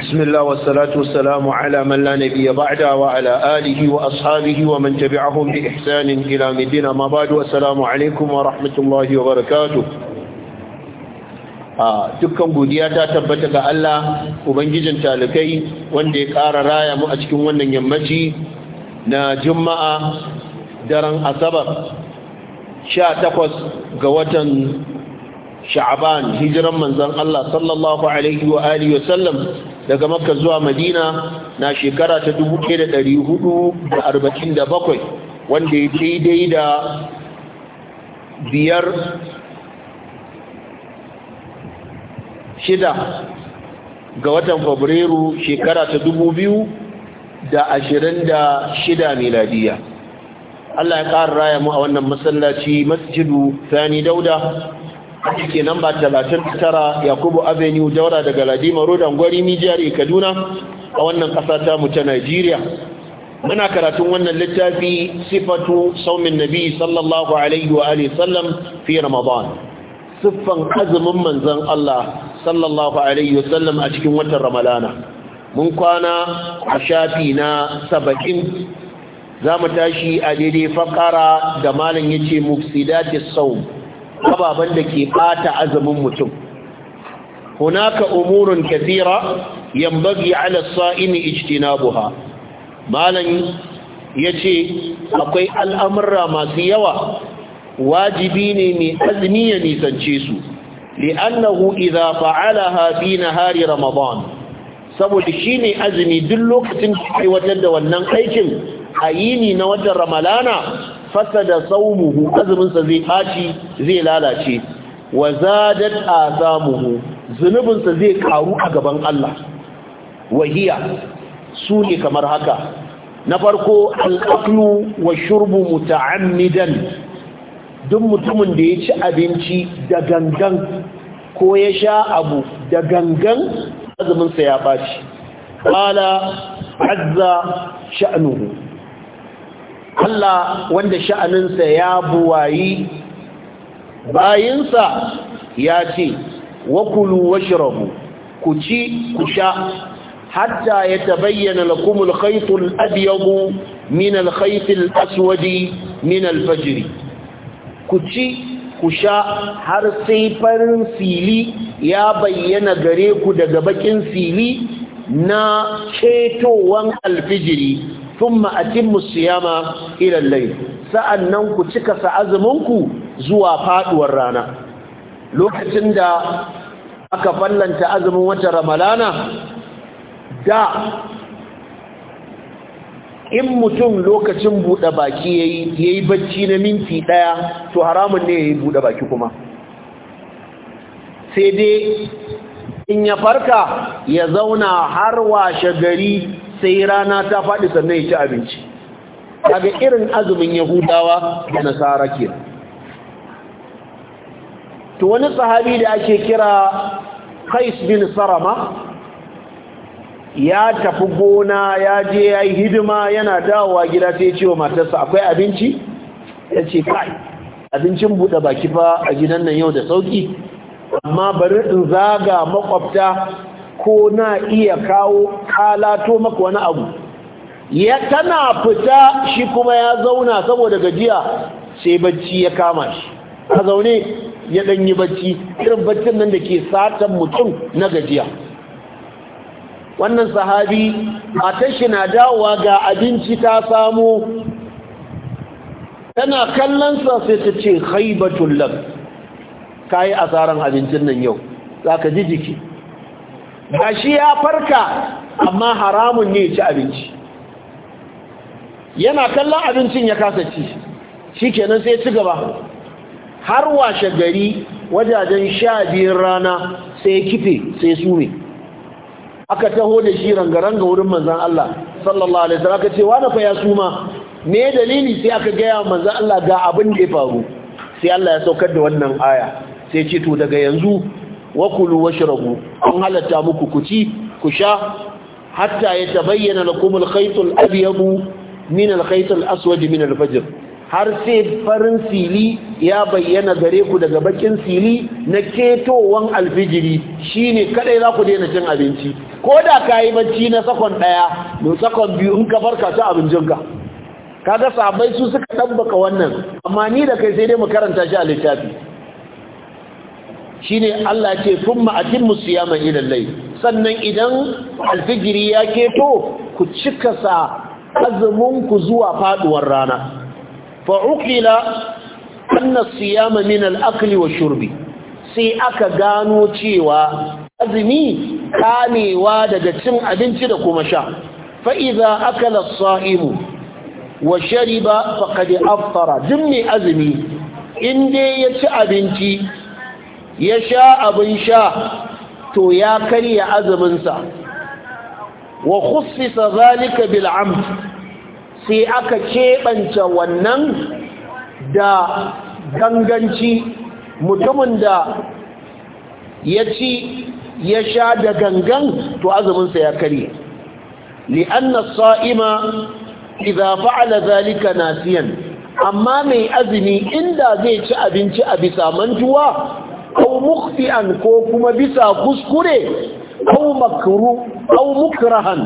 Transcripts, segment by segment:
بسم الله والصلاة والسلام على من لا نبي بعد وعلى آله وأصحابه ومن تبعهم بإحسان إلى مدينة ما والسلام عليكم ورحمة الله وبركاته dukkan godiya ta tabbata ga Allah ubangijin talikai wanda ya ƙara raya mu a cikin wannan yammaci na juma'a daren asabar 18 ga watan sha'aban hijiran manzon Allah sallallahu alaihi wa alihi wa sallam daga makka zuwa madina na shekara ta 1447 wanda ya daidai da biyar shida ga watan fabrairu shekara ta biyu da ashirin miladiya Allah ya ƙara raya mu a wannan masallaci masjidu sani dauda ake ke namba 39 yakubu avenue daura daga ladima rodan gwari mijiyari kaduna a wannan ƙasa ta mu ta najeriya muna karatun wannan littafi sifatu saumin nabi sallallahu alaihi wa alihi sallam fi ramadan siffan azumin manzon Allah sallallahu alaihi wa sallam a cikin watan Ramadana. mun kwana a shafi na saba'in za mu tashi a daidai fakara da malam ya ce da saum ababen da ke bata azumin mutum hunaka umurun kathira yambagi ala sa'imi ijtinabuha malan yace akwai al'amurra masu yawa wajibi ne mai azumi ya nisance su li'annahu idza fa'alaha fi nahari ramadan saboda shine azumi duk lokacin da aiwatar da wannan aikin a yini na watan ramalana fasada saumuhu azuminsa zai ɓaci zai lalace wa zadat azamuhu zunubinsa zai karu a gaban Allah wahiya su ne kamar haka na farko al'aklu wa shurbu muta'ammidan duk mutumin da ya ci abinci da gangan ko ya sha abu da gangan azuminsa ya ɓaci ƙala azza sha'anuhu Allah wanda sha'aninsa ya buwayi bayinsa ya ce wa kulu washrabu ku ci ku sha hatta ya tabayyana al haifun al-abyad min al-khayt min ku ci ku sha har sai farin fili ya bayyana gare ku daga bakin fili na cetowan alfijiri thumma atimmu siyama ila al-layl sa'annan ku cika sa'azuminku zuwa faduwar rana lokacin da aka fallanta azumin wata ramalana da in mutum lokacin buɗe baki yayi yayi bacci na minti ɗaya, to haramun ne yayi buɗe baki kuma sai dai in ya farka ya zauna har washe gari sai rana ta faɗi sannan ya ci abinci daga irin azumin yahudawa da nasara ke to wani sahabi da ake kira qais bin sarama ya tafi gona ya je ya yi hidima yana dawowa gida sai ce wa matarsa akwai abinci ya ce kai abincin buɗe baki fa a gidan nan yau da sauki amma bari in zaga makwabta ko na iya kawo kalato maka wani abu ya tana fita shi kuma ya zauna saboda gajiya sai bacci ya kama shi a zaune ya danyi bacci irin baccin nan da ke satan mutum na gajiya wannan sahabi a tashi na dawowa ga abinci ta samu tana kallonsa sai ta ce haibatun lab ka yi asaran abincin nan yau za ka ji jiki ga shi ya farka amma haramun ne ci abinci yana kallon abincin ya kasa ci shi kenan sai ci gaba har washe gari wajajen sha biyun rana sai kife sai sume aka taho da shi rangaranga wurin manzan Allah sallallahu alaihi wasallam aka ce wani fa ya suma me dalili sai aka gaya manzan Allah ga abin da ya faru sai Allah ya saukar da wannan aya sai ce to daga yanzu wa kulu ragu, an halatta muku ku ci ku sha hatta ya lakum al-khayt al-abyad min al aswad min al har sai farin sili ya bayyana gare ku daga bakin sili na ketowan alfijiri shine kadai za ku daina cin abinci ko da ka yi bacci na sakon daya no sakon biyu in ka barka ta abincinka kaga sabai su suka dabbaka wannan amma ni da kai sai dai mu karanta shi a littafi shine Allah ce thumma atimmu siyama ila sannan idan alfijiri ya keto ku cika sa azumin ku zuwa faduwar rana fa uqila anna siyama min al wa shurbi sai aka gano cewa azumi kamewa daga cin abinci da kuma sha faiza aka lasa'imu as-sa'imu wa shariba faqad aftara duk mai azumi in dai ya ci abinci ya sha abin sha to ya karya azuminsa wa khussisa zalika bil sai aka keɓance wannan da ganganci mutumin da ya ci ya sha da gangan to azuminsa ya karye li'anna sa'ima idza fa'ala zalika nasiyan amma mai azumi inda zai ci abinci a bisa mantuwa au mukhti'an ko kuma bisa kuskure au makru aw mukrahan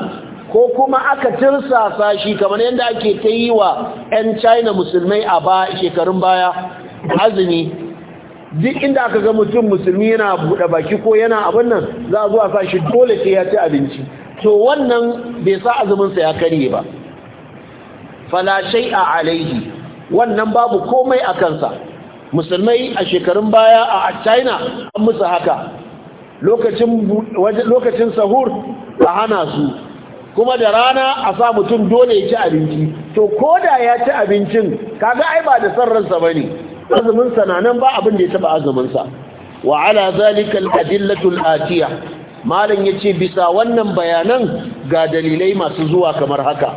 ko kuma aka tirsasa shi kamar yadda ake ta yi wa 'yan china musulmai a ba shekarun baya azumi duk inda aka ga mutum musulmi yana buɗe baki ko yana abin nan za a zuwa sa shi dole sai ya ci abinci to wannan bai sa azuminsa ya karye ba fala a alaihi wannan babu komai a kansa musulmai a shekarun baya a china an musu haka lokacin sahur a hana su kuma da rana a sa mutum dole ya ci abinci to ko da ya ci abincin kaga ai ba da san ransa ba ne azuminsa na nan ba abin da ya taba azuminsa wa ala zalika al atiya malam yace bisa wannan bayanan ga dalilai masu zuwa kamar haka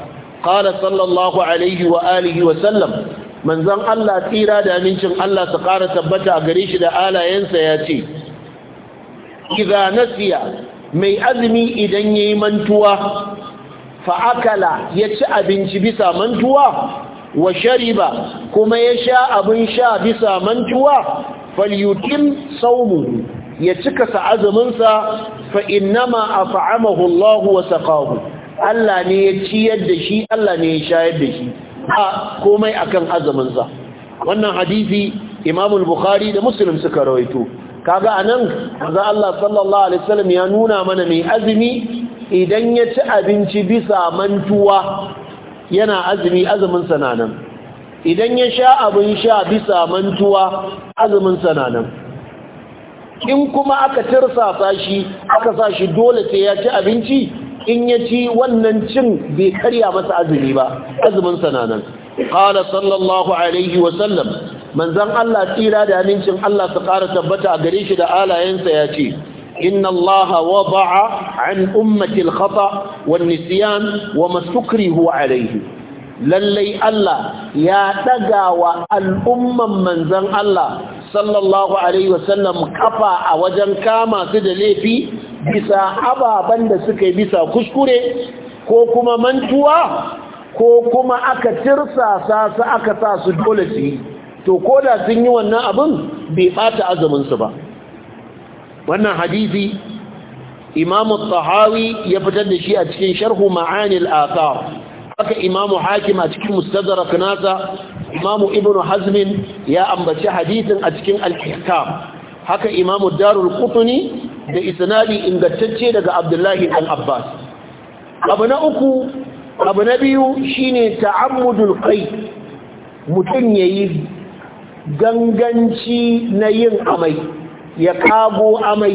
qala sallallahu alaihi wa alihi wa sallam manzon Allah tsira da amincin Allah su ƙara tabbata a gare shi da alayensa ya ce idza nasiya mai azumi idan yayi mantuwa fa'akala ya ci abinci bisa mantuwa wa shariba kuma ya sha abin sha bisa mantuwa Falyukin saumu ya cika sa azumin sa fa Allah wa saqahu Allah ne ya ciyar da shi Allah ne ya shayar da shi A komai akan kan sa wannan hadisi Imam al-Bukhari da Muslim suka rawaito kaga anan manzo Allah sallallahu alaihi wasallam ya nuna mana mai azumi idan ya ci abinci bisa mantuwa yana azumi azumin na nan idan ya sha abin sha bisa mantuwa azuminsa na nan in kuma aka tirsasa shi aka sa shi dole sai ya ci abinci in ya ci wannan cin bai karya masa azumi ba azumin sananan qala sallallahu alaihi wa sallam manzon Allah tsira da amincin Allah su ƙara tabbata a gare shi da alayensa ya ce inna Allah wada'a an ummati al-khata wan nisyan wa masukrihu alaihi lallai Allah ya daga wa al'umman manzon Allah sallallahu alaihi wasallam kafa a wajen kama su da laifi bisa ababen da suka yi bisa kuskure ko kuma mantuwa ko kuma aka tirsasa su aka sa su dole su yi to ko da sun yi wannan abin bai bata azuminsu ba wannan hadisi imam tahawi ya fitar da shi a cikin sharhu ma'anil athar haka imam hakim a cikin mustadrak nasa imamu ibnu hazmin ya ambaci hadithin a cikin al-ihkam haka imamu darul qutni da isnadi ingantacce daga abdullahi dan abbas abu na uku abu na biyu shine ta'ammudul qay mutun yayi ganganci na yin amai ya kago amai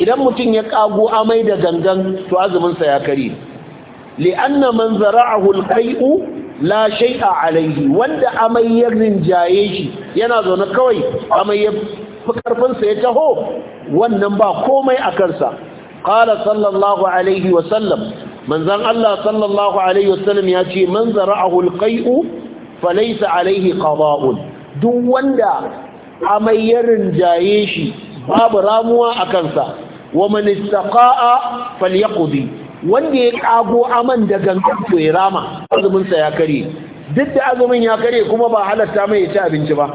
idan mutum ya kago amai da gangan to azumin sa ya kare li'anna man zara'ahu al-qai'u la a alaihi wanda amai ya rinjaye shi yana zaune kawai amai ya fi ya taho wannan ba komai a kansa qala sallallahu alaihi wa sallam manzon Allah sallallahu alaihi wa sallam ya ce man zara'ahu alqai'u falaisa alaihi ƙaba'un. duk wanda amai ya rinjaye shi babu ramuwa a kansa wa man a Falyakudi. wanda ya kago aman da gangan to ya rama azumin ya kare duk da azumin ya kare kuma ba halatta mai ya ci abinci ba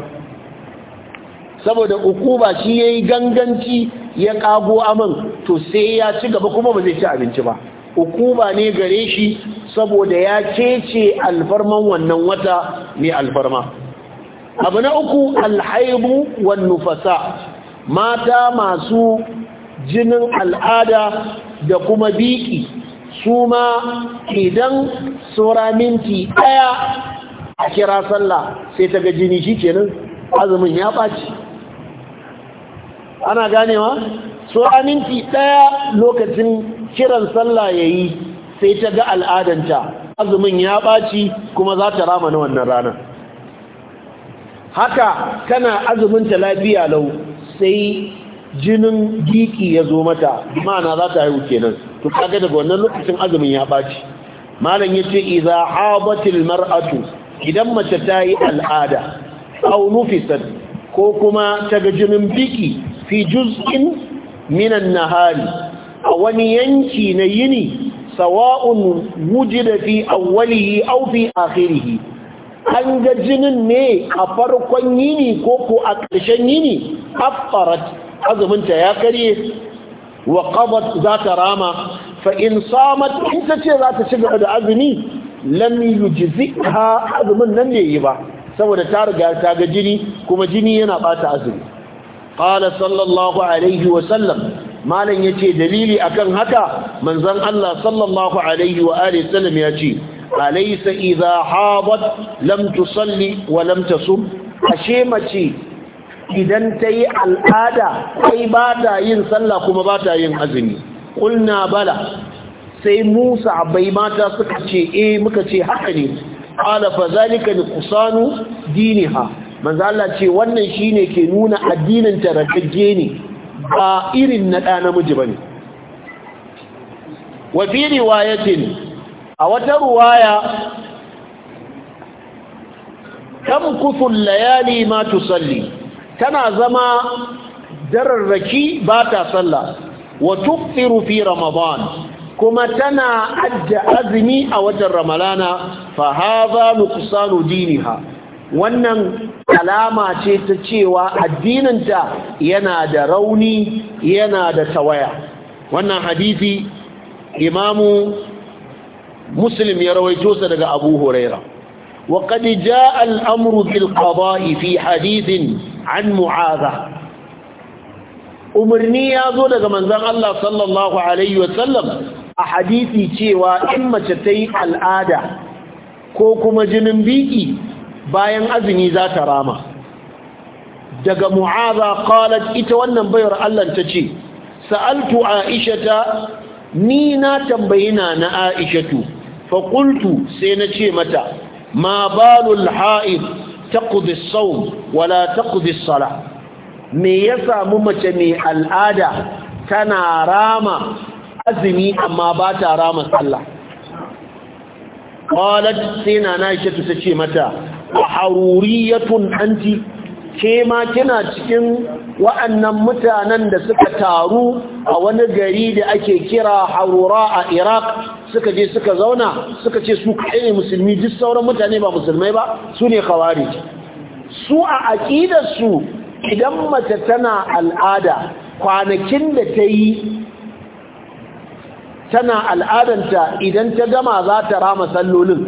saboda ukuba shi yayi ganganci ya kago aman to sai ya ci gaba kuma ba zai ci abinci ba ukuba ne gare shi saboda ya cece alfarman wannan wata ne alfarma abu na uku alhaibu wan nufasa mata masu jinin al'ada da kuma biki Suma idan tsora minti ɗaya a kira sallah sai ta gaji jini shi kenan azumin ya ɓaci ana ganewa tsora minti ɗaya lokacin kiran sallah ya yi sai ta ga al'adanta azumin ya ɓaci kuma za ta rama na wannan rana. haka tana azuminta lafiya lau sai jinin giki ya zo mata mana za ta haihu kenan to kaga daga wannan lokacin azumin ya baci malam yace idza habatil mar'atu idan mace ta yi al'ada aw nufisat ko kuma ta ga jinin biki fi juz'in minan nahari a wani yanki na yini sawa'un wujida fi awwalihi aw fi akhirihi an ga jinin ne a farkon yini ko ko a ƙarshen yini affarat azuminta ya karye wa za ta rama fa in samat in ta ce za ta ci gaba da azumi lam Ha azumin nan ne yi ba saboda ta riga ta ga jini kuma jini yana bata azumi qala sallallahu alaihi wa sallam malam yace dalili akan haka manzon Allah sallallahu alaihi wa sallam yace alaisa iza habat lam tusalli wa lam tasum ashe mace idan ta yi al'ada ai ba ta yin sallah kuma ba ta yin azumi ƙulna bala sai musa bai mata suka ce e muka ce haka ne ƙalafa zalika da kusanu ha. manzala ce wannan shine ke nuna addinin tarakagge ne ba irin na ɗa namiji ba ne wafi riwayatin a wata ruwaya tamkusu layali ma tusalli tana zama dararraki ba ta sallah wa tuqiru fi ramadan kuma tana ajja azumi a watan ramalana fa hadha nuqsanu diniha wannan alama ce ta cewa addininta yana da rauni yana da tawaya wannan hadisi imamu muslim ya rawaito sa daga abu huraira وقد جاء الأمر بالقضاء في حديث an mu'aza umarni ya zo daga manzan Allah sallallahu Alaihi wasallam a hadisi cewa in mace ta yi al'ada ko kuma jinin biki bayan azumi za ta rama daga mu'aza qalat ita wannan bayar Allah ta ce sa'altu aishata ni na tambayi na na aishatu fa qultu sai na ce mata ma balul ha'id taqdi as-sawm wala taqdi as-salah me ya samu mace mai al'ada tana rama azumi amma ba ta rama sallah qalat sina na ta ce mata haruriyatun anti ke ma kina cikin wa'annan mutanen da suka taru a wani gari da ake kira haura a iraq suka je suka zauna suka ce su kaɗai ne musulmi duk sauran mutane ba musulmai ba su ne kawari su a aƙidarsu idan mace tana al'ada kwanakin da ta yi tana al'adanta idan ta gama za ta rama sallolin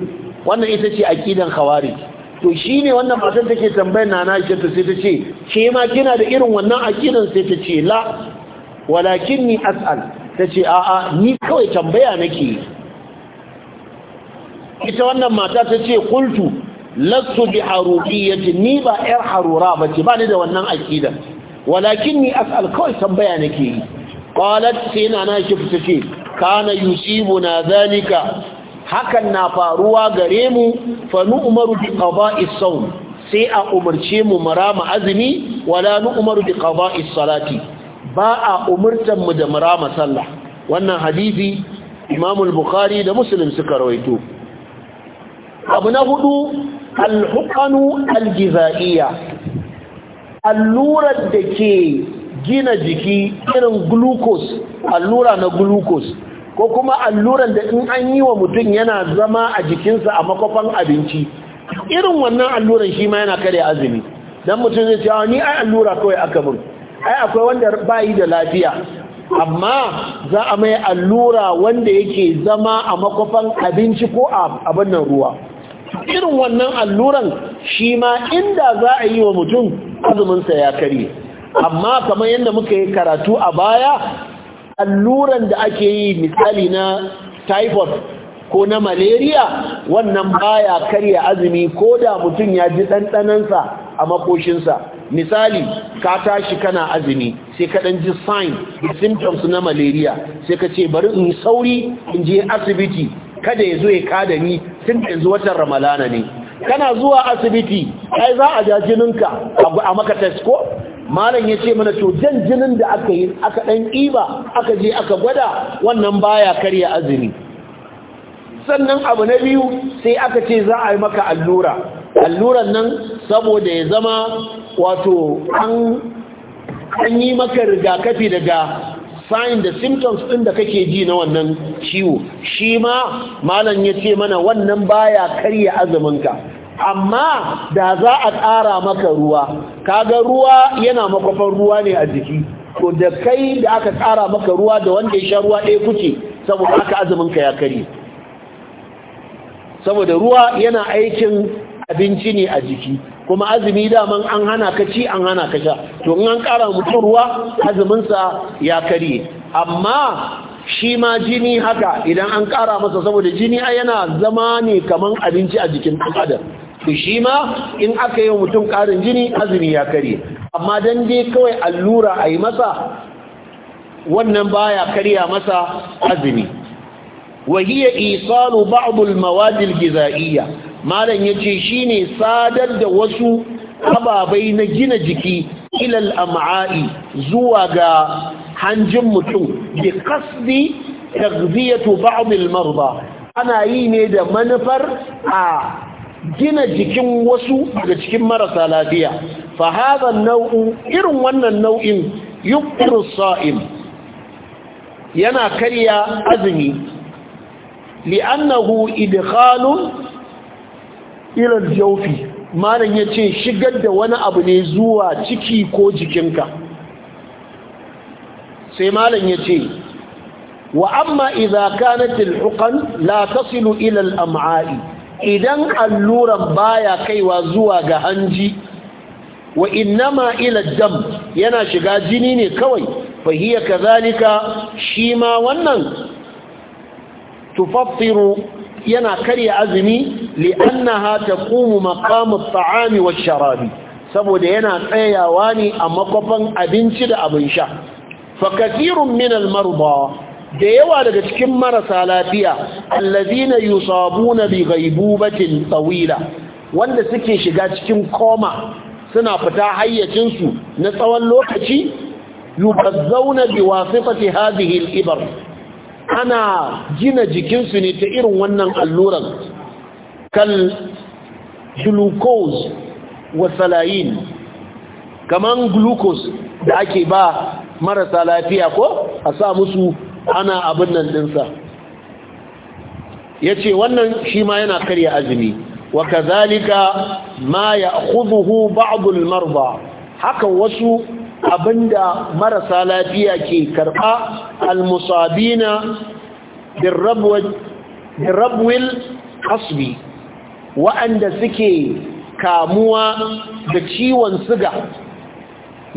wannan ita ce aƙidan kawari to shi ne wannan matan take tambayar na na ta sai ta ce ke ma kina da irin wannan akidan sai ta ce la walakin ni as'al ta ce a'a ni kawai tambaya nake ita wannan mata ta ce kultu lasu bi haruriyyati ni ba yar harura ba ce ba ni da wannan akidan walakin ni as'al kawai tambaya nake yi qalat sai na na ki ta ce kana yusibuna zalika hakan na faruwa gare mu fa nu umaru bi qada'i sawm sai a umarce mu marama azumi wala nu umaru bi qada'i salati ba a umurtan mu da marama sallah wannan hadisi Imamul bukhari da Muslim suka rawaito abu na hudu al-huqanu al-jizaiya allurar da ke gina jiki irin glucose allura na glucose ko kuma alluran da in an yi wa mutum yana zama a jikinsa a makwafan abinci irin wannan alluran shi ma yana kare azumi dan mutum zai ce ah, ni ai allura kawai aka mun ai akwai wanda bayi da lafiya amma za a mai allura wanda yake zama a makwafan abinci ko a abin ruwa irin wannan alluran shi ma inda za a yi wa mutum azuminsa ya karye amma kamar yadda muka yi karatu a baya alluran da ake yi misali na typhoid ko na malaria wannan baya karya azumi ko da mutum ya ji ɗanɗanansa a makoshinsa misali ka tashi kana azumi sai ka ɗan ji sign da symptoms na malaria sai ka ce bari in sauri in je asibiti kada ya zo ya kada ni tun da yanzu watan ramalana ne kana zuwa asibiti ai za a ja jininka a maka test ko malam ya ce mana to jan jinin da aka yi aka ɗan ƙiba aka je aka gwada wannan baya karya azumi sannan abu na biyu sai aka ce za a yi maka allura alluran nan saboda ya zama wato an yi maka rigakafi daga sign da symptoms ɗin da kake ji na wannan ciwo shi ma malam ya ce mana wannan baya karya azuminka amma da za a ƙara maka ruwa kaga ruwa yana makwafan ruwa ne a jiki to da kai da aka ƙara maka ruwa da wanda ya sha ruwa ɗaya kuke saboda aka azuminka ya kare saboda ruwa yana aikin abinci ne a jiki kuma azumi daman an hana ka ci an hana ka sha to in an ƙara mutum ruwa azuminsa ya kare amma shi ma jini haka idan an ƙara masa saboda jini yana zama ne kaman abinci a jikin ɗan adam to shi ma in aka yi mutum ƙarin jini azumi ya karye amma don dai kawai allura a yi masa wannan baya karya masa azumi wahiyya isalu ba'dul mawadil gizaiya malam yace shine sadar da wasu ababai na gina jiki ilal am'a'i zuwa ga hanjin mutum bi qasdi tagziyatu ba'd al marda ana yi ne da manufar a gina jikin wasu daga cikin marasa lafiya fa hadha nau'u irin wannan nau'in yuqiru sa'im yana karya azumi li'annahu idkhalun ila al-jawfi malan yace shigar da wani abu ne zuwa ciki ko jikinka sai malan yace wa amma idza kanat al-huqan la tasilu ila al-am'a'i idan alluran baya kaiwa zuwa ga hanji wa innama ila dam yana shiga jini ne kawai fa hiya shi ma wannan tufaffiru yana karya azumi li'annaha taqumu maqam at-ta'ami wash-sharabi saboda yana tsayawa ne a makofan abinci da abin sha fa kathirun min marda da yawa daga cikin marasa lafiya allazina yusabuna bi ghaibubatin tawila wanda suke shiga cikin koma suna fita hayyacinsu na tsawon lokaci yubazzauna bi wasifati hadhihi al-ibar ana gina jikinsu ne ta irin wannan alluran kal glucose wa salayin kaman glucose da ake ba marasa lafiya ko a sa musu ana abin nan dinsa ya ce wannan shi ma yana karya azumi wa kazalika ma ya kuzuhu ba'adul marba Haka wasu abinda marasa lafiya ke karɓa almusabina birrabwil asbi wa'anda suke kamuwa da ciwon siga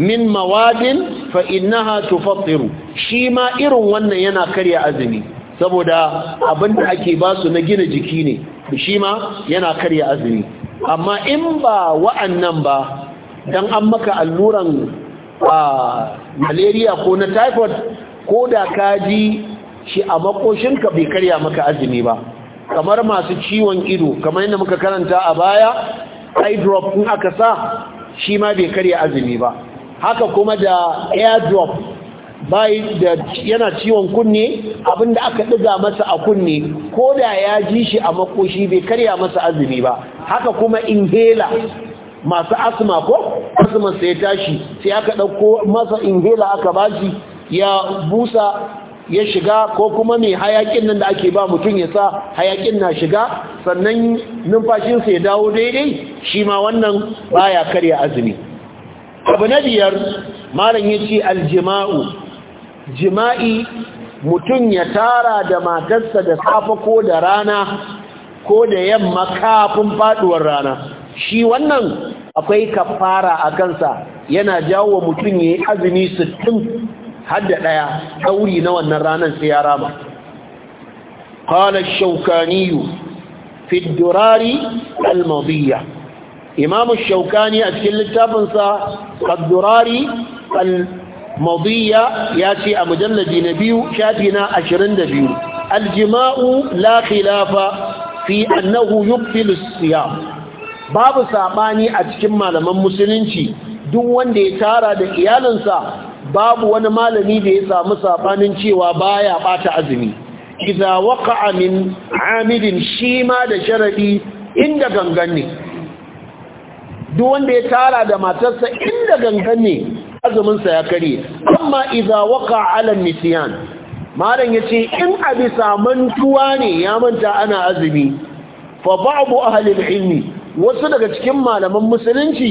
min mawadin fa innaha tufattiru shi ma irin wannan yana karya azumi saboda abin da ake basu na gina jiki ne shi ma yana karya azumi amma in ba wa'annan ba dan an maka alluran a malaria ko na typhoid ko da ka ji shi a makoshinka bai karya maka azumi ba kamar masu ciwon ido kamar yadda muka karanta a baya eye drop aka sa shi ma bai karya azumi ba haka kuma da airdrop bai da yana ciwon kunne abinda aka ɗiga masa a kunne ko da ya ji shi a makoshi bai karya masa azumi ba haka kuma inhaler masu asma ko asma sai ya tashi sai aka ɗauko masa inhaler aka bashi ya busa ya shiga ko kuma mai hayakin nan da ake ba mutum ya sa hayakin na shiga sannan numfashinsa ya dawo daidai shi ma wannan baya karya azumi abu na biyar malam ya ce aljima'u jima'i mutum ya tara da matarsa da safa ko da rana ko da yamma kafin faduwar rana shi wannan akwai kafara a kansa yana jawo wa mutum ya yi azumi sittin hadda ɗaya ɗauri na wannan ranar sai ya rama ƙalar shaukaniyu al almadiyya imamu shaukani a cikin littafinsa abdurari al ya ce a mujallabi na biyu shafi na ashirin da biyu aljima'u la khilafa fi annahu yubtilu siyam babu saɓani a cikin malaman musulunci duk wanda ya tara da iyalinsa babu wani malami da ya samu saɓanin cewa baya bata azumi idza Amin, Amidin, amilin shima da sharadi inda gangan ne duk wanda ya tara da matarsa inda gangan ne azuminsa ya kare amma idza waqa ala nisyan malam yace in abisa mantuwa ne ya manta ana azumi fa ba'du ahli ilmi wasu daga cikin malaman musulunci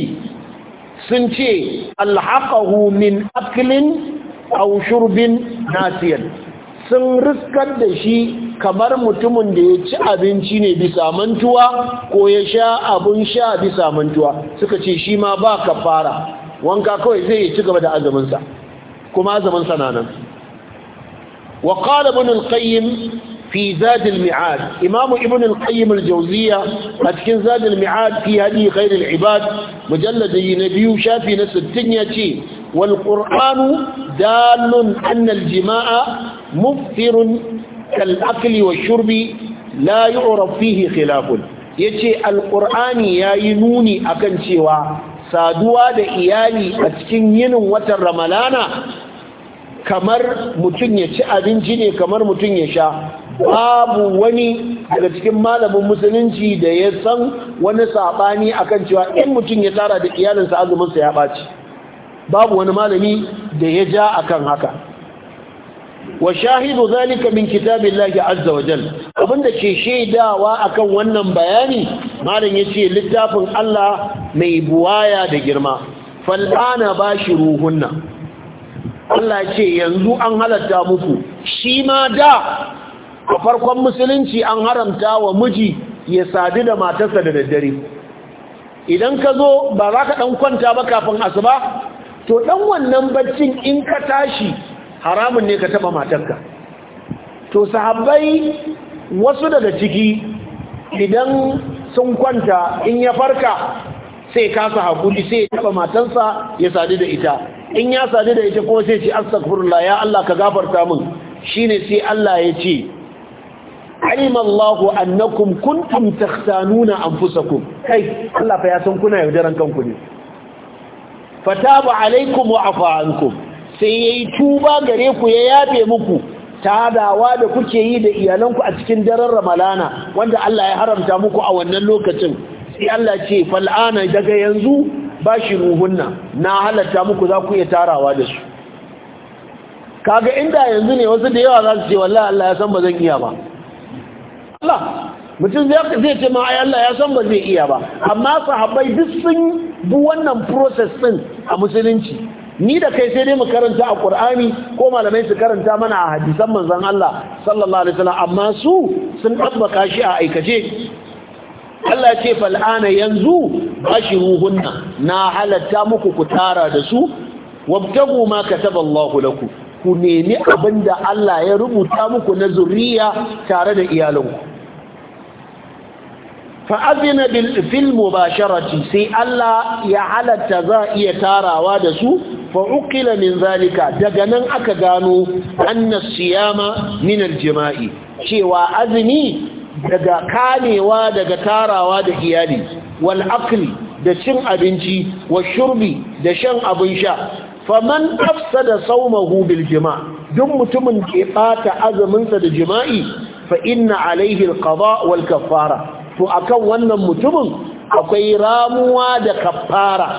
sun ce alhaqahu min aklin aw shurbin nasiyan sun riskar da shi kamar mutumin da ya ci abinci ne bisa mantuwa ko ya sha abun sha bisa mantuwa suka ce shi ma ba kafara wanka kawai zai ci gaba da azaminsa kuma azaminsa na nan wa qala ibn al-qayyim fi zad al-mi'ad ibn al-qayyim al-jawziya a cikin zad al-mi'ad fi hadi khair al-ibad na biyu shafi na 60 yace wal qur'anu dalun anna al-jima'a muftirun kal'akli wa shurbi la yi fihi khilafun ya ce alƙur'ani ya yi nuni akan cewa saduwa da iyali a cikin yinin watan ramalana kamar mutum ya ci abinci ne kamar mutum ya sha babu wani daga cikin malamin musulunci da ya san wani saɓani akan cewa in mutum ya tara da iyalinsa azuminsa ya ɓaci babu wani malami da ya ja akan haka wa shahidu zalika min kitabillahi azza wa jalla abinda ke shaidawa akan wannan bayani malam yace littafin Allah mai buwaya da girma fal'ana bashiruhunna Allah ce yanzu an halatta muku shi ma da a farkon musulunci an haramta wa miji ya sadu da matarsa da daddare idan ka zo ba za ka ɗan kwanta ba kafin asuba to ɗan wannan baccin in ka tashi haramun ne ka taba matarka to sahabbai wasu daga ciki idan sun kwanta in ya farka sai kasa hakuri sai ya taba matansa ya sadu da ita in ya sadu da ita ko sai ce astaghfirullah ya Allah ka gafarta min shine sai Allah ya ce alimallahu annakum kuntum takhtanuna anfusakum kai Allah fa ya san kuna yaudaran kanku ne fataba alaikum wa afa sai ya yi tuba gare ku ya yafe muku ta hadawa da kuke yi da iyalanku a cikin daren ramalana wanda Allah ya haramta muku a wannan lokacin sai Allah ce fal'ana daga yanzu ba shi ruhunna na halatta muku za ku iya tarawa da su kaga inda yanzu ne wasu da yawa za su ce wallahi Allah ya san ba zan iya ba Allah mutum zai ce ma ai Allah ya san ba zai iya ba amma sahabbai duk sun bi wannan process din a musulunci ni da kai sai dai mu karanta a Qur'ani ko malamai su karanta mana a hadisan manzon Allah sallallahu alaihi wasallam amma su sun tabbaka shi a aikace Allah ce fal'ana yanzu bashiruhunna na halatta muku ku tara da su wabtagu ma kataballahu lakum ku nemi abinda Allah ya rubuta muku na zuriya tare da iyalanku fa'azina bil ce, sai Allah ya halatta za iya tarawa da su fa'ukila min zalika daga nan aka gano annas siyama min jima'i. cewa azumi daga kamewa daga tarawa da iyali wal akli da cin abinci wa shurbi da shan abin sha faman da saumahu bil jima' duk mutumin ke bata azuminsa da jima'i fa inna alaihi alqada wal kaffara to akan wannan mutumin akwai ramuwa da kafara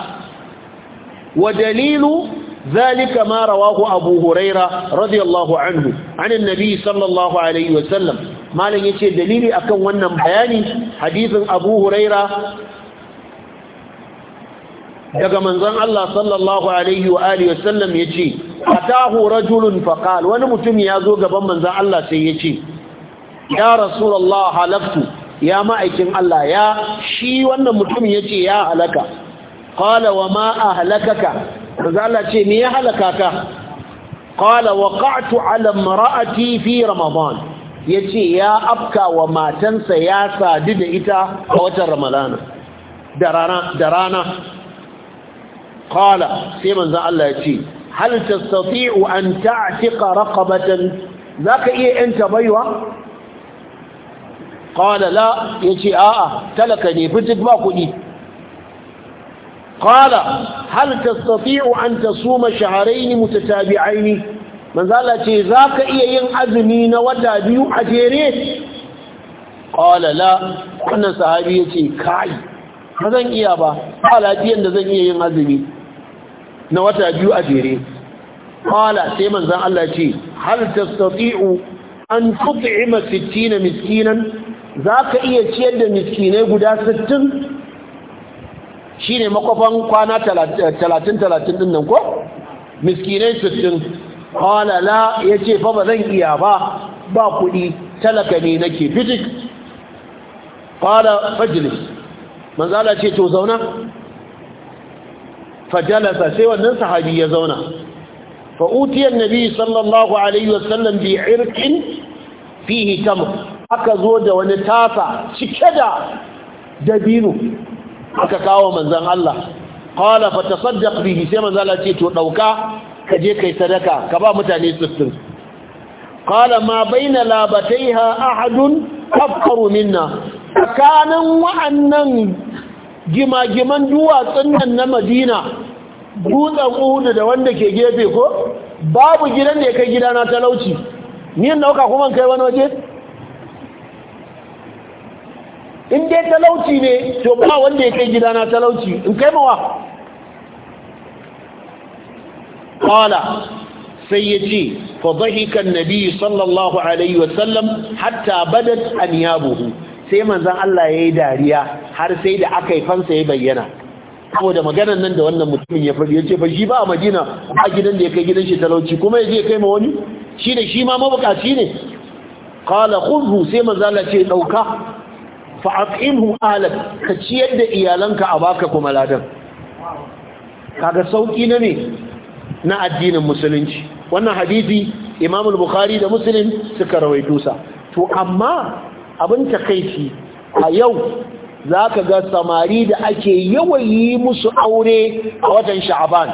wa dalilu zalika ma rawahu abu huraira radiyallahu anhu anin nabi sallallahu alaihi wasallam malam yace dalili akan wannan bayani hadisin abu huraira daga manzon Allah sallallahu alaihi wa alihi wasallam yace atahu rajulun faqal wani mutum ya zo gaban manzon Allah sai yace ya rasulullah halaftu ya ma'aikin Allah ya shi wannan mutum ya ce ya halaka ƙala wa ma a halakaka rizala ce me ya halaka ka ƙala wa ƙa'atu alamra'ati fi ramadan ya ce ya afka wa matansa ya sadu da ita a watan ramadana da rana ƙala sai manzan Allah ya ce hal tastati'u an ta'tiqa za zaka iya yanta baiwa qala la yace a'a talaka ne fitik ba kuɗi qala hal tafi'u an tasuma shahrayn mutatabi'ain manzo Manzala ce za ka iya yin azumi na wata biyu a jere qala la wannan sahabi ya yace kai ba zan iya ba ba lafiyan da zan iya yin azumi na wata biyu a jere qala sai manzan Allah ce hal tafi'u an tut'ima 60 miskinan za ka iya ciyar da miskinai guda sittin shi ne makwafan kwana talatin-talatin din nan ko? miskinai sittin kwalala ya ce fa ba zan iya ba ba kuɗi talaka ne nake fitik kwala fajilis manzala ce to zauna fajalasa sai wannan sahabi ya zauna fa'utiyar nabi sallallahu alaihi wasallam bi irkin fihi tamar aka zo da wani tasa cike da dabino aka kawo manzan Allah qala fa tasaddaq bihi sai manzan Allah ce to ɗauka ka je kai sadaka ka ba mutane sittin qala ma baina labataiha ahadun kafaru minna tsakanin wa'annan gimagiman duwatsun nan na Madina dutsen udu da wanda ke gefe ko babu gidan da ya kai gidana talauci ni yin dauka kuma kai wani waje in dai talauci ne to ba wanda ya kai gidana talauci in kai mawa qala sai ya ce fa dhahikan nabi sallallahu alaihi wasallam hatta badat anyabuhu sai manzon Allah yayi dariya har sai da akai fansa ya bayyana saboda maganar nan da wannan mutumin ya faɗi ya ce fa shi ba a madina ba gidan da ya kai gidan shi talauci kuma ya kai ma wani shi da shi ma mabukaci ne kala khudhu sai manzo Allah ce dauka Fa fa'af'inhu alak ka ciyar da iyalanka a baka kuma ladan kaga sauki na ne na addinin musulunci wannan hadisi imam bukhari da muslim suka rawaito sa to amma abin takeici a yau zaka ga samari da ake yawayi musu aure a watan sha'aban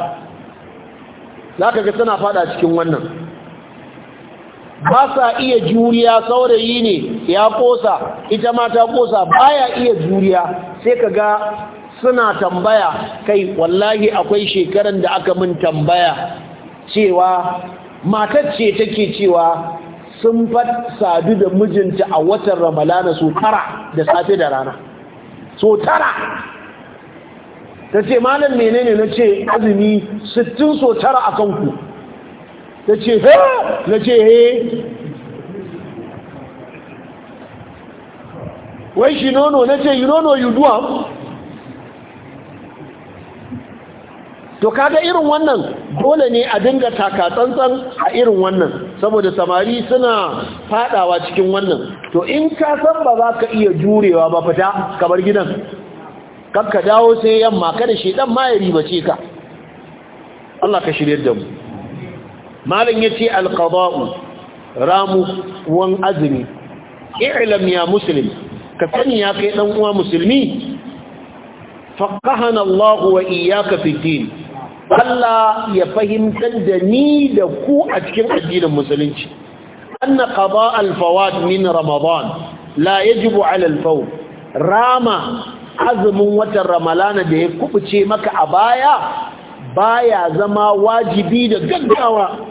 zaka ga suna fada cikin wannan ba sa iya juriya saurayi ne ya kosa ita ma ta kosa baya iya juriya sai ka ga suna tambaya kai wallahi akwai shekaran da aka min tambaya cewa matacce take cewa sun sadu da mijinta a watan ramalana su tara da safe da rana so tara ta ce malam menene na ce azumi sittin so tara a kanku ta ce ha na ce he eh. wai shi nono na ce you nono you do am to kaga irin wannan dole ne a dinga taka tsantsan a irin wannan saboda samari suna fadawa cikin wannan to in ka san ba za ka iya jurewa ba fita kamar gidan ka dawo sai yamma kada shi dan ma ya ka Allah ka shirye da mu malam yace alkaba'u ramu wan azumi. i'lam ya musulmi? ka sani ya kai dan uwa musulmi Fakahanallahu Allah wa iyaka fi Allah ya fahimtar da ni da ku a cikin addinin musulunci anna na al-fawat min ramadan la ya 'ala al rama azumin watan ramalana da ya kubuce maka a baya baya zama wajibi da gaggawa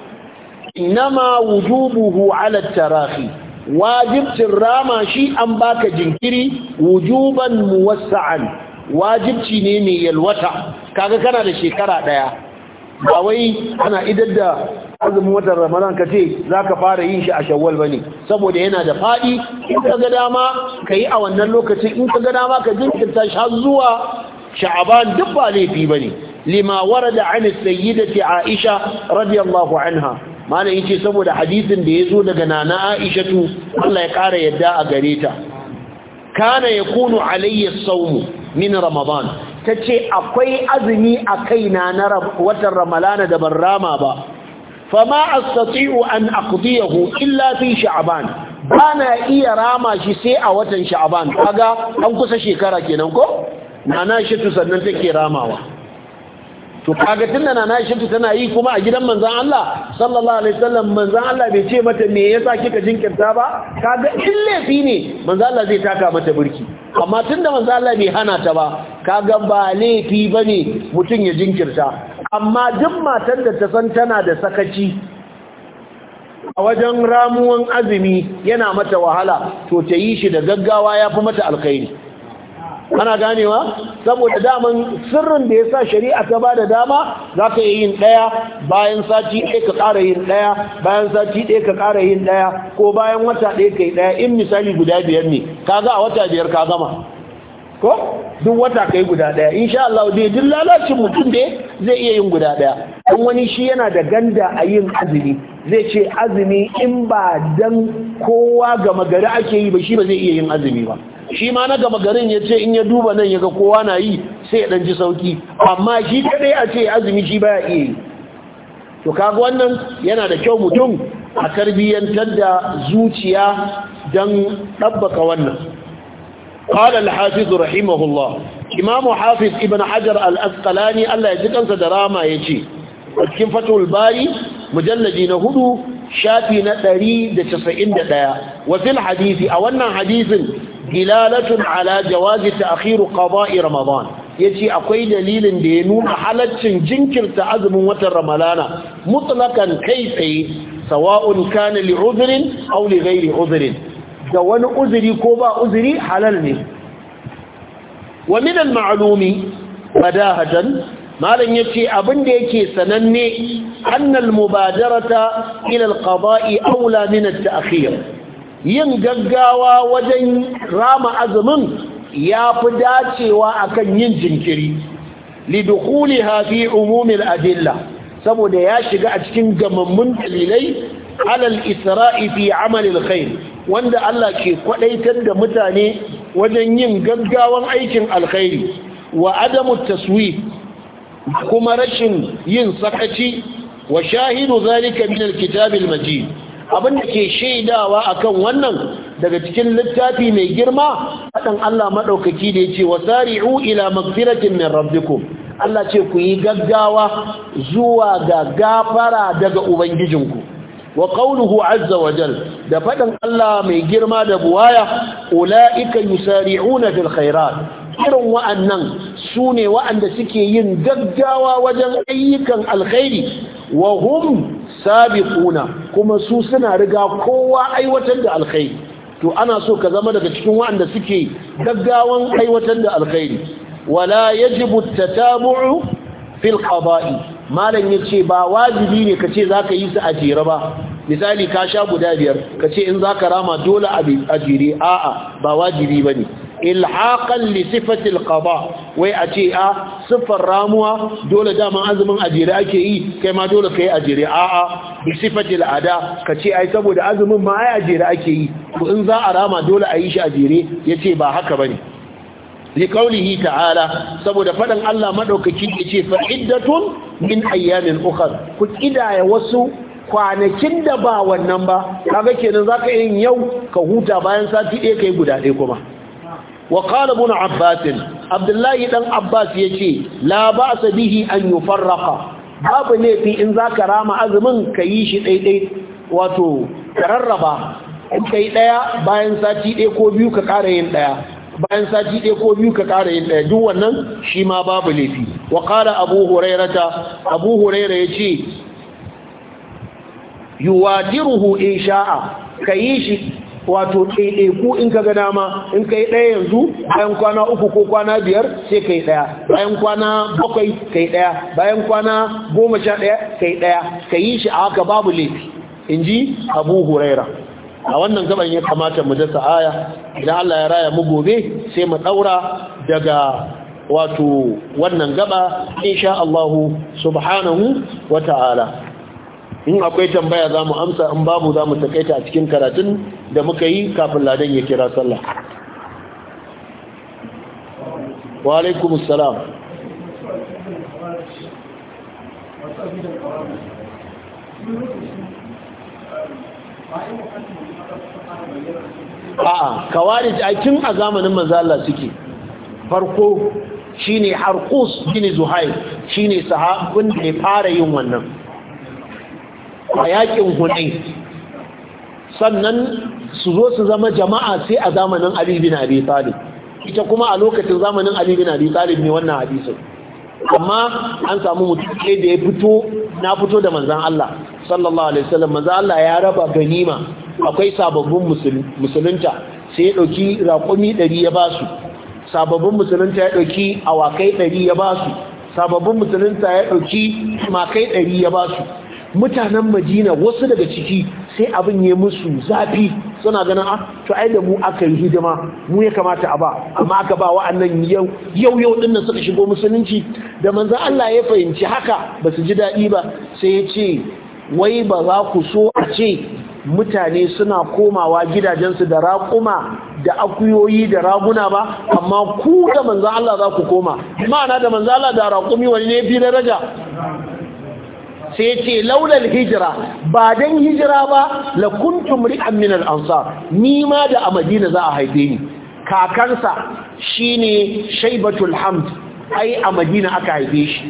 inama wujubuhu ala tarahi wajibcin rama shi an baka jinkiri wujuban muwassa'an wajibci ne mai yalwata kaga kana da shekara daya ba wai ana idar da azumin watan ramadan ka ce za ka fara yin shi a shawwal ba ne saboda yana da faɗi in ka ga dama ka yi a wannan lokacin in ka ga dama ka jinkirta shi har zuwa sha'aban duk ba laifi ba ne lima warada an sayyidati aisha radiyallahu anha malam ce saboda hadisin da ya zo daga nana Aishatu Allah ya kara yadda a gare ta kana kunu alayya saumu min ramadan tace akwai azumi a kaina na watan ramalana da ban rama ba fama astati'u an aqdiyahu illa fi sha'ban bana iya rama shi sai a watan sha'ban kaga an kusa shekara kenan ko nana shi sannan take ramawa to kaga tunda Nana Aisha tana yi kuma a gidan manzon Allah sallallahu alaihi wasallam manzon Allah bai ce mata me yasa kika jinkirta ba kaga in laifi ne manzon Allah zai taka mata burki amma tunda manzon Allah bai hana ta ba kaga ba laifi bane mutun ya jinkirta amma duk matan da ta san tana da sakaci a wajen ramuwan azumi yana mata wahala to ta yi shi da gaggawa ya fi mata alkhairi ana ganewa saboda daman sirrin da ya sa shari'a ta ba da dama zaka ka yi yin ɗaya bayan sati ɗaya ka ƙara yin ɗaya bayan sati ɗaya ka ƙara yin ɗaya ko bayan wata ɗaya ka yi ɗaya in misali guda biyar ne ka ga a wata biyar ka gama ko duk wata kai guda daya insha Allah dai duk lalacin mutum dai zai iya yin guda daya dan wani shi yana da ganda a yin azumi zai ce azumi in ba dan kowa gama gari ake yi ba shi ba zai iya yin azumi ba shi ma na gama garin ya ce in ya duba nan ya ga kowa na yi sai ya dan ji sauki amma shi kadai a ce azumi shi baya iya yi to kaga wannan yana da kyau mutum a tarbiyyantar da zuciya don ɗabbaka wannan قال الحافظ رحمه الله إمام حافظ ابن حجر الأسقلاني الله rama سدراما يجي cikin fatul bari mujallaji na hudu shafi na ɗari da casa'in da ɗaya wasil hadisi a wannan hadisin dilalatun ala jawazi ta akhiru qada'i ramadan yace akwai dalilin da ya nuna halaccin jinkirta azumin watan ramadana mutlakan kai tsaye sawa'un kana li udhrin aw li ghairi da wani uzuri ko ba uzuri halal ne wa min al-ma'lumi badahatan malan yace abin da yake sananne annal mubadarata ila al-qada'i aula min at-ta'khir yin gaggawa wajen rama azumin yafi dacewa akan yin jinkiri lidukhuliha fi umum al-adilla saboda ya shiga a cikin gamammun dalilai alal isra'i fi amal al-khair wanda Allah ke kwadaitar da mutane wajen yin gaggawan aikin alkhairi wa adamu taswi kuma rashin yin sakaci wa shahidu zalika min alkitabil majid abinda ke shaidawa akan wannan daga cikin littafi mai girma fadan Allah madaukaki da yace wasari'u ila magfiratin min rabbikum Allah ce ku yi gaggawa zuwa ga gafara daga ubangijinku wa qawluhu azza wa jal da faɗin Allah mai girma da buwaya ulaika yusari'una fil khairat irin wa'annan su ne wa'anda suke yin gaggawa wajen ayyukan alkhairi wa hum sabiquna kuma su suna riga kowa aiwatar da alkhairi to ana so ka zama daga cikin wa'anda suke gaggawan aiwatar da alkhairi wala yajibu tatabu'u fil qada'i malam ya ce ba wajibi ne ka ce za ka yi su a jere ba misali ka sha guda biyar ka ce in za ka rama dole a jere a'a ba wajibi ba ne ilhaƙan lisifatil ƙaba wai a ce a siffar ramuwa dole dama azumin ajere ake yi kai ma dole ka yi ajere a a lisifatil ada ka ce ai saboda azumin ma ai ajere ake yi in za a rama dole a yi shi ajere ya ce ba haka ba ne liqaulihi ta'ala saboda fadan Allah madaukaki yace fa iddatun min ayyamin ukar ku ƙidaya wasu kwanakin da ba wannan ba kaga kenan zaka yin yau ka huta bayan sati ɗaya kai guda ɗaya kuma wa qala ibn abbas abdullahi dan abbas yace la ba'sa bihi an yufarraqa babu laifi in zaka rama azumin ka yi shi daidai wato kararraba in kai daya bayan sati ɗaya ko biyu ka ƙara yin ɗaya. bayan sati ɗaya ko biyu ka ƙara yin ɗaya duk wannan shi ma babu laifi wa ƙara abu hurairata abu huraira ya ce yuwadiruhu in sha'a ka yi shi wato ɗaiɗaiku in ka ga dama in ka yi ɗaya yanzu bayan kwana uku ko kwana biyar sai ka yi ɗaya bayan kwana bakwai ka yi ɗaya bayan kwana goma sha ɗaya ka yi ɗaya ka yi shi a haka babu laifi in ji abu huraira a wannan gaban ya kamata mu dasa aya idan Allah ya raya mu gobe sai mu daura daga wato wannan gaba insha Allah subhanahu wata'ala in akwai tambaya za mu amsa in babu za mu takaita a cikin karatun da muka yi kafin ladan ya kira sallah wa alaikum assalam a'a kawarij a a zamanin Mazala suke farko shine harqus bin zuhair shine sahabin da ya fara yin wannan a yakin hunay sannan su zo su zama jama'a sai a zamanin ali bin abi talib ita kuma a lokacin zamanin ali bin abi talib ne wannan hadisin amma an samu mutum ɗaya da ya fito na fito da manzan Allah sallallahu alaihi wasallam manzan Allah ya raba ganima akwai sababbin musulunta sai ya ɗauki raƙumi ɗari ya basu sababbin musulunta ya ɗauki awakai ɗari ya basu sababbin musulunta ya ɗauki makai ɗari ya basu mutanen Madina wasu daga ciki sai abin ya musu zafi suna ganin a ah, to ai da mu aka yi hidima mu ya kamata a ba amma aka ba wa'annan yau yau yau din suka shigo musulunci da manzon Allah ya fahimci haka ba su ji daɗi ba sai ya ce wai ba za ku so a ce mutane suna komawa gidajensu da raƙuma da akuyoyi da raguna ba amma ku da manzon Allah za ku koma ma'ana da manzon Allah da raƙumi wani ne fi daraja sai ce laulal hijira ba dan hijira ba la kuntum ri'an min al-ansar ni ma da a Madina za a haife ni kakansa shine Shaibatul Hamd ai a Madina aka haife shi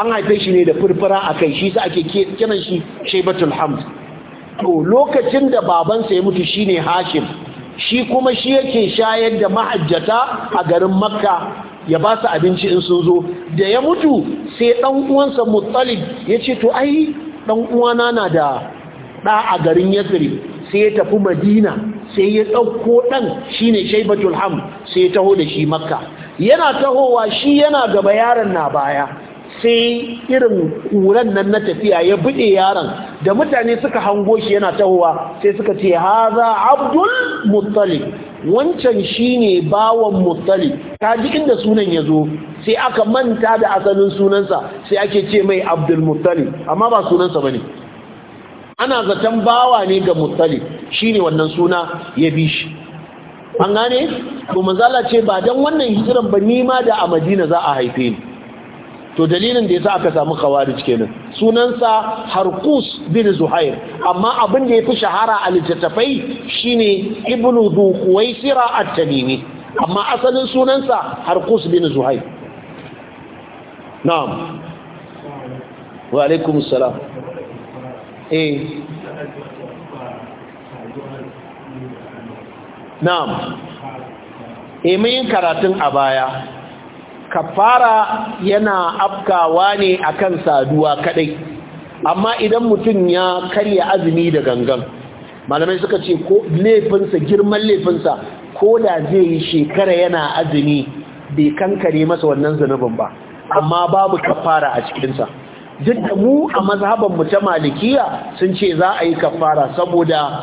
an haife shi ne da furfura akai shi sa ake kiran shi Shaibatul Hamd to lokacin da babansa ya mutu shine Hashim shi kuma shi yake shayar da mahajjata a garin Makka ya ba su abinci in sun zo da ya mutu sai ɗan uwansa muttalib ya ce to ai ɗan uwana na da ɗa a garin yasrib sai ya tafi madina sai ya ɗauko ɗan shine shaibatul ham sai ya taho da shi makka yana tahowa shi yana gaba yaron na baya sai irin kuran nan na tafiya ya buɗe yaron da mutane suka hango shi yana tahowa sai suka ce haza abdul muttali wancan shine bawan muttali ta ji inda sunan ya zo sai aka manta da asalin sunansa sai ake ce mai abdul muttali amma ba sunansa ba ne ana zaton bawa ne ga muttali shine wannan suna ya bi shi an gane to manzala ce ba don wannan hijiran ba nima da a madina za a haife ni to dalilin da yasa aka samu khawarij kenan sunansa harqus bin zuhair amma abin da yafi shahara a littattafai shine ibnu dhuqwaisira at-tamimi amma asalin sunansa harqus bin zuhair na'am wa alaikum assalam eh na'am eh mun karatun a baya kafara yana afkawa ne akan saduwa kaɗai, amma idan mutum ya karya azumi da gangan malamai suka ce ko laifinsa girman laifinsa ko da zai yi shekara yana azumi bai kankare masa wannan zunubin ba amma babu kafara a cikinsa duk da mu a mazhaban mu ta malikiya sun ce za a yi kafara saboda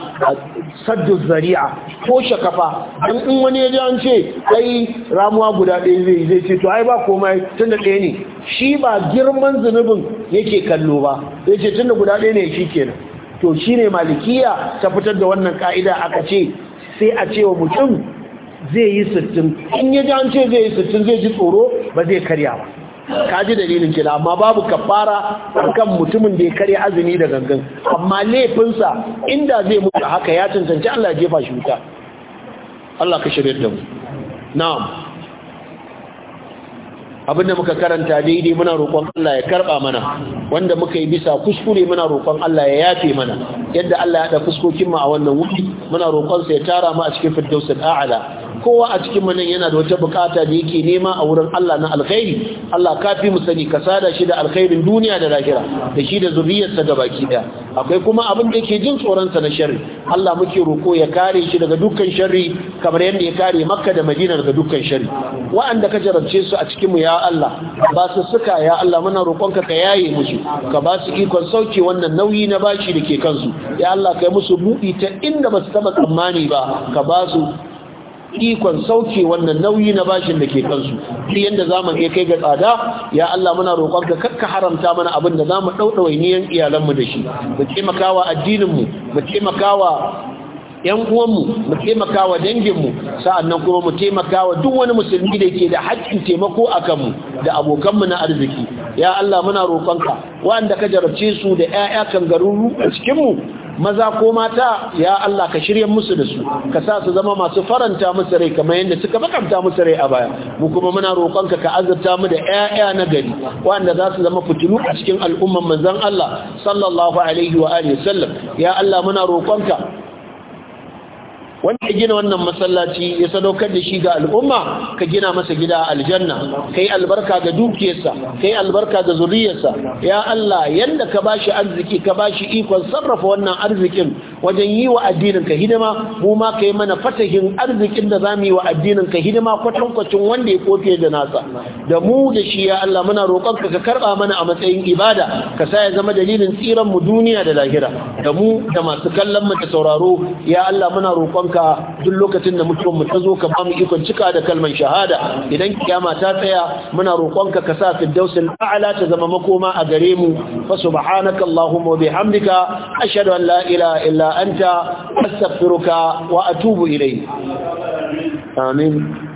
saddu zari'a ko shakafa dan in wani ya an ce ai ramuwa guda ɗaya zai zai ce to ai ba komai tunda ɗaya ne shi ba girman zunubin yake kallo ba zai ce tunda guda ɗaya ne shi kenan to shine malikiya ta fitar da wannan ka'ida aka ce sai a ce wa mutum zai yi sittin in ya ji an ce zai yi sittin zai ji tsoro ba zai karya ba ka ji dalilin kila amma babu kafara kan mutumin da ya kare azumi da gangan amma laifinsa inda zai mutu haka ya cancanci Allah ya jefa shi wuta Allah ka shirye da mu na'am abinda muka karanta daidai muna roƙon Allah ya karba mana wanda muka yi bisa kuskure muna roƙon Allah ya yafe mana yadda Allah ya da fuskokin mu a wannan wuri muna roƙon sa ya tara mu a cikin firdausul a'la kowa a cikin manan yana da wata bukata da yake nema a wurin Allah na alkhairi Allah kafi mu sani ka sada shi da alkhairin duniya da lahira da shi da zuriyarsa da baki daya akwai kuma abin da yake jin tsoron sa na sharri Allah muke roko ya kare shi daga dukkan sharri kamar yadda ya kare Makka da Madina daga dukkan sharri wa'anda ka jarabce su a cikin mu ya Allah ba su suka ya Allah muna roƙonka ka yaye musu ka ba su ikon sauke wannan nauyi na bashi da ke kansu ya Allah kai musu buɗi ta inda ba su taɓa tsammani ba ka ba su ikon sauke wannan nauyi na bashin da ke kansu duk yanda zamani ya kai ga tsada ya Allah muna roƙonka kakka haramta mana abin da za zamu ɗauɗaure niyan iyalanmu da shi mu taimakawa addininmu mu taimakawa yan uwanmu mu taimakawa danginmu sa'annan kuma mu taimakawa. duk wani musulmi da ke da haƙƙin taimako a kanmu da abokanmu na arziki ya Allah muna roƙonka wanda ka jarabce su da ƴaƴa garuru a cikinmu maza ko mata ya Allah ka shirya musu da su ka sa su zama masu faranta musu rai kamar yadda suka bakanta musu rai a baya mu kuma muna roƙonka ka azurta mu da ƴaƴa na gari wanda za su zama fitilu a cikin al'umman manzon Allah sallallahu alaihi wa alihi sallam ya Allah muna roƙonka wanda ya gina wannan masallaci ya sadaukar da shi ga al'umma ka gina masa gida aljanna kai albarka ga dukiyarsa kai albarka ga zuriyarsa ya Allah yanda ka bashi arziki ka bashi ikon sarrafa wannan arzikin wajen yi wa addinin ka hidima mu ma kai mana fatahin arzikin da zamu yi wa addinin ka hidima kwatankwacin wanda ya kofe da nasa da mu da shi ya Allah muna roƙon ka ka karba mana a matsayin ibada ka sa ya zama dalilin tsiran mu duniya da lahira da mu da masu kallon mu da sauraro ya Allah muna roƙon roƙonka duk lokacin da mutum mu ta zo ka bamu ikon cika da kalman shahada idan kiyama ta tsaya muna roƙonka ka sa firdausul a'la ta zama makoma a gare mu fa subhanaka allahumma wa bihamdika ashhadu an la ilaha illa anta astaghfiruka wa atubu ilayk amin